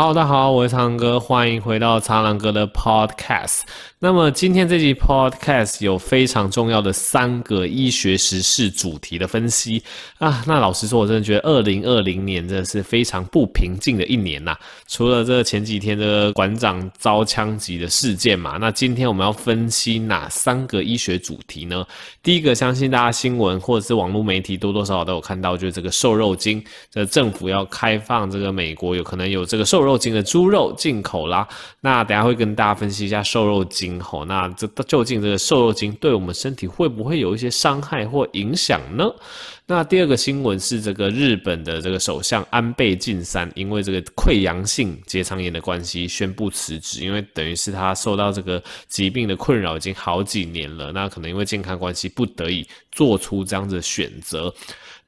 好，大家好，我是蒼藍鴿，歡迎回到蒼藍鴿的 Podcast。那麼今天這集 Podcast 有非常重要的三個醫學時事主題的分析啊。那老實說，我真的覺得二零二零年真的是非常不平靜的一年吶、啊。除了這前幾天的館長遭槍擊的事件嘛，那今天我們要分析哪三個醫學主題呢？第一個，相信大家新聞或者是網絡媒體多多少少都有看到，就是這個瘦肉精，這政府要開放這個美國有可能有這個瘦肉。肉精的豬肉進口啦，那等下會跟大家分析一下瘦肉精吼。那這究竟這個瘦肉精對我們身體會不會有一些傷害或影響呢？那第二個新聞是這個日本的這個首相安倍晉三，因為這個潰瘍性結腸炎的關係宣布辭職，因為等於是他受到這個疾病的困擾已經好幾年了，那可能因為健康關係不得已做出這樣子的選擇。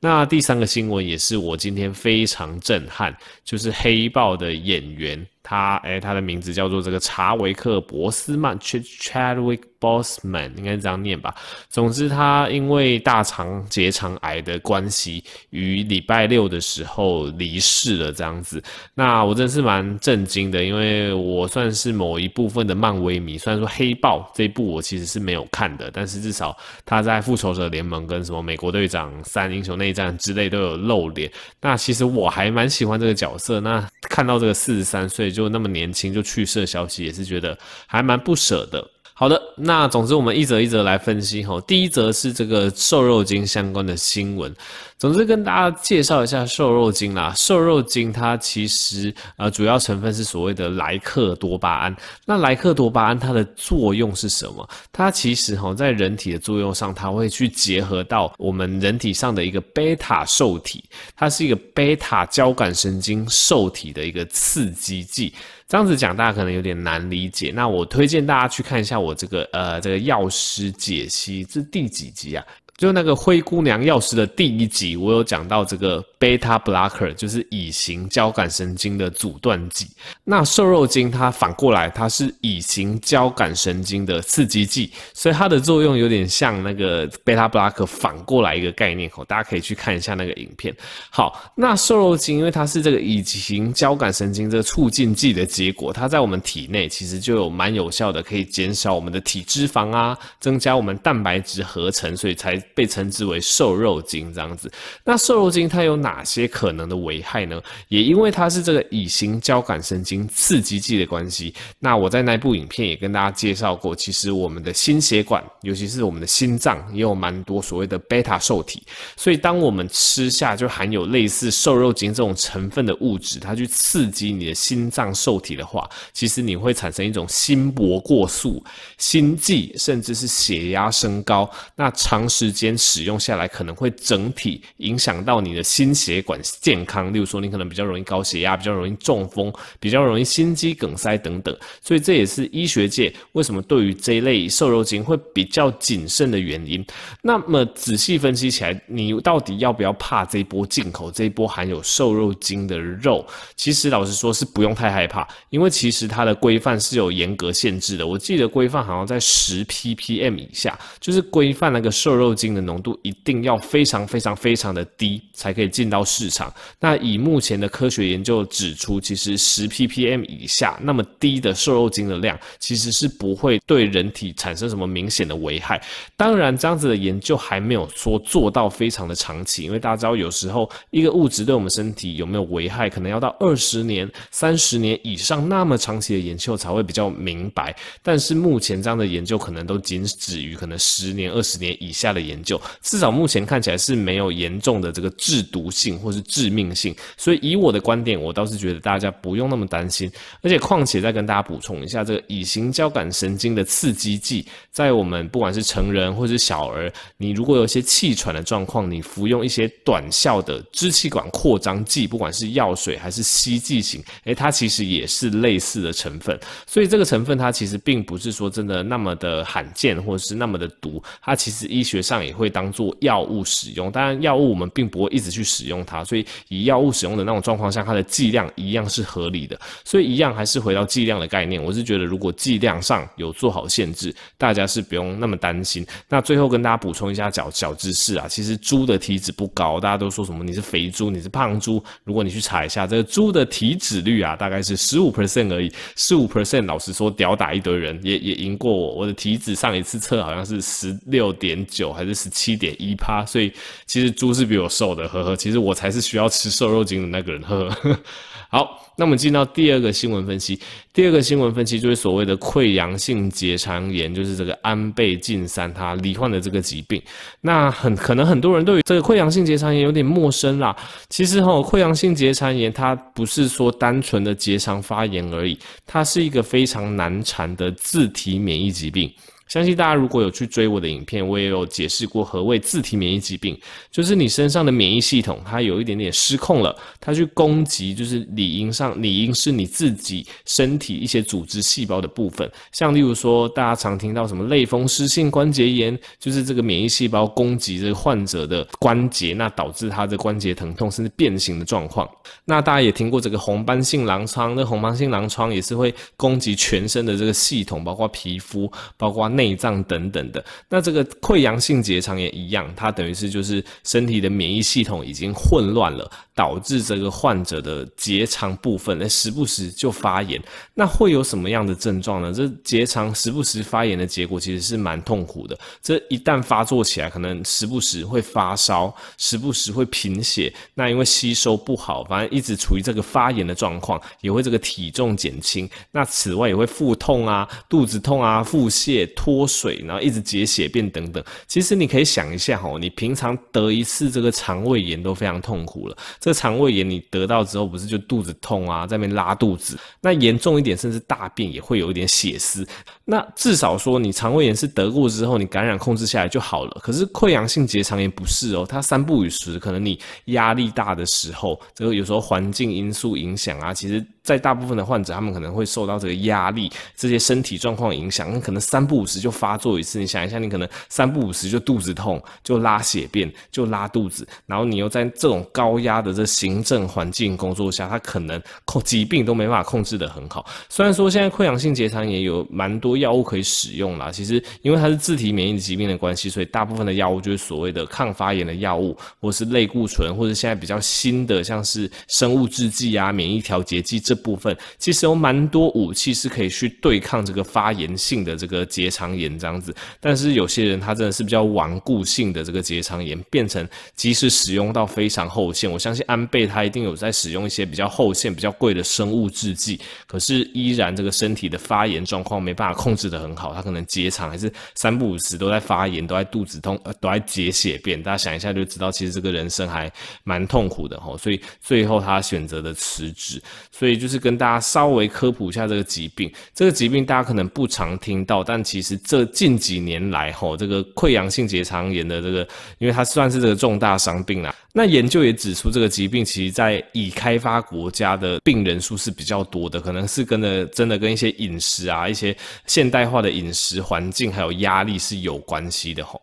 那第三個新聞也是我今天非常震撼，就是黑豹的演員。他哎、欸，他的名字叫做這個查維克博斯曼 （Chadwick Ch b o s s m a n 應該是這樣念吧。總之，他因為大腸結腸癌的關係，於禮拜六的時候離世了，這樣子。那我真是蠻震驚的，因為我算是某一部分的漫威迷。雖然說《黑豹》這一部我其實是沒有看的，但是至少他在《復仇者聯盟》跟什麼《美國隊長：三英雄內戰》之類都有露臉。那其實我還蠻喜歡這個角色。那看到這個四十三歲就。又那麼年輕就去世的消息，也是覺得還蠻不舍的。好的，那總之我們一則一則來分析齁。第一則是這個瘦肉精相關的新聞。總之跟大家介紹一下瘦肉精啦。瘦肉精它其實呃主要成分是所謂的萊克多巴胺。那萊克多巴胺它的作用是什麼？它其實哈在人體的作用上，它會去結合到我們人體上的一個貝塔受體，它是一個貝塔交感神經受體的一個刺激劑。這樣子講，大家可能有點難理解。那我推薦大家去看一下我這個呃這個藥師解析，這第幾集啊？就那個《灰姑娘藥師》的第一集，我有講到這個 beta blocker，就是乙型交感神經的阻斷劑。那瘦肉精它反過來，它是乙型交感神經的刺激劑，所以它的作用有點像那個 beta blocker 反過來一個概念。吼，大家可以去看一下那個影片。好，那瘦肉精因為它是這個乙型交感神經這個促進劑的結果，它在我們體內其實就有蠻有效的，可以減少我們的體脂肪啊，增加我們蛋白質合成，所以才。被稱之為瘦肉精這樣子，那瘦肉精它有哪些可能的危害呢？也因為它是這個乙型交感神經刺激劑的關係，那我在那部影片也跟大家介紹過，其實我們的心血管，尤其是我們的心臟，也有蠻多所謂的貝塔受體，所以當我們吃下就含有類似瘦肉精這種成分的物質，它去刺激你的心臟受體的話，其實你會產生一種心搏過速、心悸，甚至是血壓升高，那長時間。間使用下來，可能會整體影響到你的心血管健康。例如說，你可能比較容易高血壓，比較容易中風，比較容易心肌梗塞等等。所以這也是醫學界為什麼對於這一類瘦肉精會比較謹慎的原因。那麼仔細分析起來，你到底要不要怕這一波進口、這一波含有瘦肉精的肉？其實老實說是不用太害怕，因為其實它的規範是有嚴格限制的。我記得規範好像在十 ppm 以下，就是規範那個瘦肉精，的濃度一定要非常非常非常的低，才可以進到市場。那以目前的科學研究指出，其實十 ppm 以下那麼低的瘦肉精的量，其實是不會對人體產生什麼明顯的危害。當然，這樣子的研究還沒有說做到非常的長期，因為大家知道有時候一個物質對我們身體有沒有危害，可能要到二十年、三十年以上那麼長期的研究才會比較明白。但是目前這樣的研究可能都僅止於可能十年、二十年以下的研究。就至少目前看起來是沒有嚴重的這個致毒性或是致命性，所以以我的觀點，我倒是覺得大家不用那麼擔心。而且，況且再跟大家補充一下，這個乙型交感神經的刺激劑，在我們不管是成人或是小兒，你如果有一些氣喘的狀況，你服用一些短效的支氣管擴張劑，不管是藥水還是吸劑型，誒，它其實也是類似的成分。所以這個成分它其實並不是說真的那麼的罕見，或者是那麼的毒。它其實醫學上也也會當做藥物使用，當然藥物我們並不會一直去使用它，所以以藥物使用的那種狀況下，它的劑量一樣是合理的，所以一樣還是回到劑量的概念。我是覺得如果劑量上有做好限制，大家是不用那麼擔心。那最後跟大家補充一下小小知識啊，其實豬的體脂不高，大家都說什麼你是肥豬，你是胖豬，如果你去查一下這個豬的體脂率啊，大概是十五 percent 而已，十五 percent 老實說屌打一堆人，也，也贏過我，我的體脂上一次測好像是十六點九還是十七點一趴，所以其實豬是比我瘦的，呵呵，其實我才是需要吃瘦肉精的那個人，呵呵、呵。好，那我們進到第二個新聞分析，第二個新聞分析就是所謂的潰瘍性結腸炎，就是這個安倍晉三他罹患的這個疾病。那很可能很多人都對於這個潰瘍性結腸炎有點陌生啦。其實吼，潰瘍性結腸炎它不是說單純的結腸發炎而已，它是一個非常難纏的自體免疫疾病。相信大家如果有去追我的影片，我也有解釋過何謂自體免疫疾病，就是你身上的免疫系統它有一點點失控了，它去攻擊就是理應上理應是你自己身體一些組織細胞的部分，像例如說大家常聽到什麼類風濕性關節炎，就是這個免疫細胞攻擊這個患者的關節，那導致他的關節疼痛甚至變形的狀況。那大家也聽過這個紅斑性狼瘡，那紅斑性狼瘡也是會攻擊全身的這個系統，包括皮膚，包括內內臟等等的。那這個潰瘍性結腸也一樣，它等於是就是身體的免疫系統已經混亂了，導致這個患者的結腸部分，哎、欸、時不時就發炎。那會有什麼樣的症狀呢？這結腸時不時發炎的結果其實是蠻痛苦的。這一旦發作起來，可能時不時會發燒，時不時會貧血。那因為吸收不好，反正一直處於這個發炎的狀況，也會這個體重減輕。那此外也會腹痛啊，肚子痛啊，腹瀉、吐。脫水，然後一直解血便等等，其實你可以想一下哈，你平常得一次這個腸胃炎都非常痛苦了。這個腸胃炎你得到之後，不是就肚子痛啊，在那邊拉肚子，那嚴重一點，甚至大便也會有一點血絲。那至少說你腸胃炎是得過之後，你感染控制下來就好了。可是潰瘍性結腸炎不是哦，它三不五時，可能你壓力大的時候，這個有時候環境因素影響啊，其實。在大部分的患者，他們可能會受到這個壓力、這些身體狀況影響，可能三不五時就發作一次。你想一下，你可能三不五時就肚子痛、就拉血便、就拉肚子，然後你又在這種高壓的這行政環境工作下，他可能控疾病，都沒辦法控制得很好。雖然說現在潰瘍性結腸炎有蠻多藥物可以使用啦，其實因為它是自體免疫疾病的關係，所以大部分的藥物就是所謂的抗發炎的藥物，或是類固醇，或者現在比較新的像是生物製劑啊、免疫調節劑。這部分其實有蠻多武器是可以去對抗這個發炎性的這個結腸炎這樣子，但是有些人他真的是比較頑固性的這個結腸炎，變成即使使用到非常後線，我相信安倍他一定有在使用一些比較後線、比較貴的生物制劑，可是依然這個身體的發炎狀況沒辦法控制得很好，他可能結腸還是三不五時都在發炎，都在肚子痛，呃，都在解血便，大家想一下就知道，其實這個人生還蠻痛苦的吼，所以最後他選擇了辭職，所以。就是跟大家稍微科普一下這個疾病，這個疾病大家可能不常聽到，但其實這近幾年來吼，這個潰瘍性結腸炎的這個，因為它算是這個重大傷病啦、啊。那研究也指出，這個疾病其實在已開發國家的病人數是比較多的，可能是跟的真的跟一些飲食啊、一些現代化的飲食環境還有壓力是有關係的吼。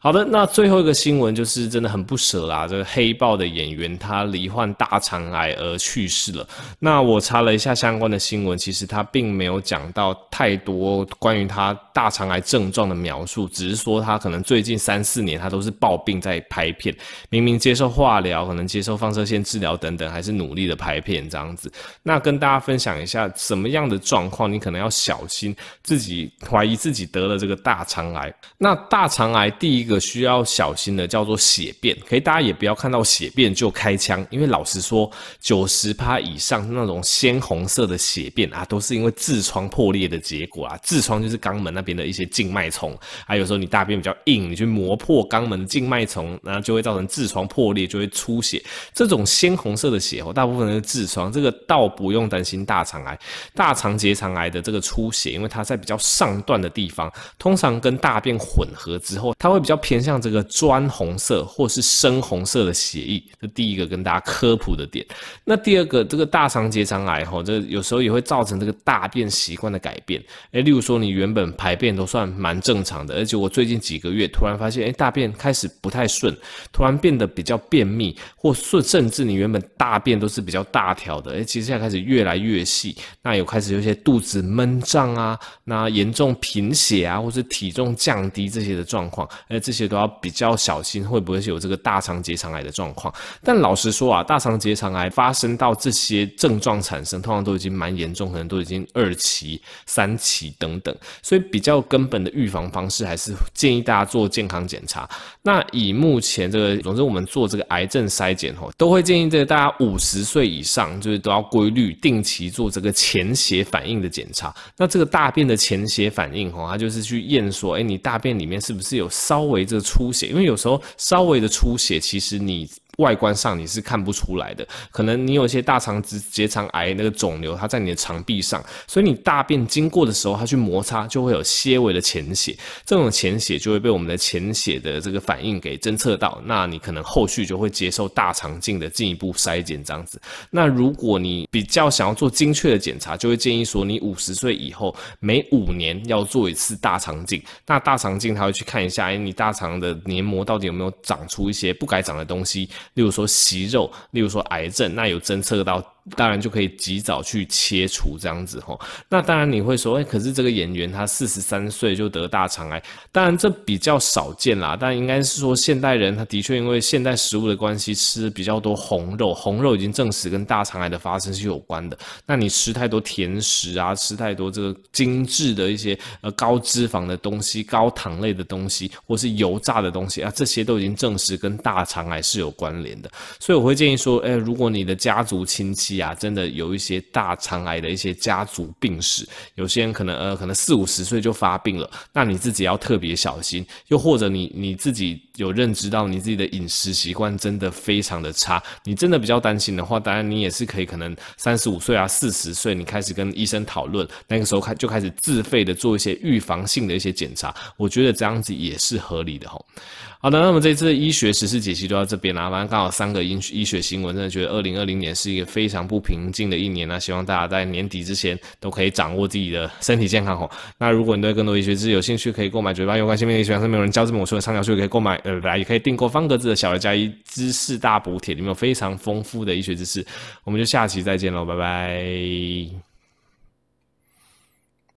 好的，那最後一個新聞就是真的很不捨啦。這個黑豹的演員他罹患大腸癌而去世了。那我查了一下相關的新聞，其實他並沒有講到太多關於他大腸癌症狀的描述，只是說他可能最近三四年他都是抱病在拍片，明明接受化療，可能接受放射線治療等等，還是努力的拍片這樣子。那跟大家分享一下什麼樣的狀況，你可能要小心自己懷疑自己得了這個大腸癌。那大腸癌第一。個需要小心的叫做血便，可以大家也不要看到血便就開槍，因為老實說90，九十趴以上那種鮮紅色的血便啊，都是因為痔瘡破裂的結果啊。痔瘡就是肛門那邊的一些靜脈叢，還有時候你大便比較硬，你去磨破肛門的靜脈叢，然後就會造成痔瘡破裂，就會出血。這種鮮紅色的血哦，大部分是痔瘡，這個倒不用擔心大腸癌。大腸結腸癌的這個出血，因為它在比較上段的地方，通常跟大便混合之後，它會比較。偏向這個磚紅色或是深紅色的血液。這第一個跟大家科普的點。那第二個，這個大腸結腸癌吼，這個，有時候也會造成這個大便習慣的改變，欸。例如說你原本排便都算蠻正常的，而且我最近幾個月突然發現，欸、大便開始不太順，突然變得比較便秘，或順甚至你原本大便都是比較大條的，其實現在開始越來越細。那有開始有些肚子悶脹啊，那嚴重貧血啊，或是體重降低這些的狀況，欸這些都要比較小心，會不會是有這個大腸結腸癌的狀況？但老實說啊，大腸結腸癌發生到這些症狀產生，通常都已經蠻嚴重，可能都已經二期、三期等等。所以比較根本的預防方式，還是建議大家做健康檢查。那以目前這個，總之我們做這個癌症篩檢哦，都會建議這個大家五十歲以上，就是都要規律定期做這個潛血反應的檢查。那這個大便的潛血反應哦，它就是去驗說，哎，你大便裡面是不是有稍微。為着出血，因為有時候稍微的出血，其實你。外觀上你是看不出來的，可能你有一些大腸直結腸癌那個腫瘤，它在你的腸壁上，所以你大便經過的時候，它去摩擦就會有些微的潛血，這種潛血就會被我們的潛血的這個反應給偵測到，那你可能後續就會接受大腸鏡的進一步篩檢這樣子。那如果你比較想要做精確的檢查，就會建議說你五十歲以後每五年要做一次大腸鏡。那大腸鏡它會去看一下，誒、欸、你大腸的黏膜到底有沒有長出一些不該長的東西？例如說息肉，例如說癌症，那有偵測到，當然就可以及早去切除這樣子，那當然你會說，哎、欸，可是這個演員他四十三歲就得大腸癌，當然這比較少見啦。但應該是說，現代人他的確因為現代食物的關係，吃比較多紅肉，紅肉已經證實跟大腸癌的發生是有關的。那你吃太多甜食啊，吃太多這個精致的一些呃高脂肪的東西、高糖類的東西，或是油炸的東西啊，這些都已經證實跟大腸癌是有關聯的。所以我會建議說，哎、欸，如果你的家族親戚呀、啊，真的有一些大腸癌的一些家族病史，有些人可能呃，可能四五十歲就發病了，那你自己要特別小心。又或者你你自己有認知到你自己的飲食習慣真的非常的差，你真的比較擔心的話，當然你也是可以，可能三十五歲啊、四十歲，你開始跟醫生討論，那個時候，開就開始自費的做一些預防性的一些檢查，我覺得這樣子也是合理的吼！好的，那麼這次的醫學時事解析就到這邊啦。反正剛好三個醫醫學新聞，真的覺得二零二零年是一個非常不平靜的一年呢、啊。希望大家在年底之前都可以掌握自己的身體健康哦。那如果你對更多醫學知識有興趣，可以購買。嘴巴有關心面，醫學上面有人教，這面我說的暢銷書可以購買，呃，也可以訂購方格子的小一加一知識大補帖，裡面有非常豐富的醫學知識。我們就下期再見嘍，拜拜。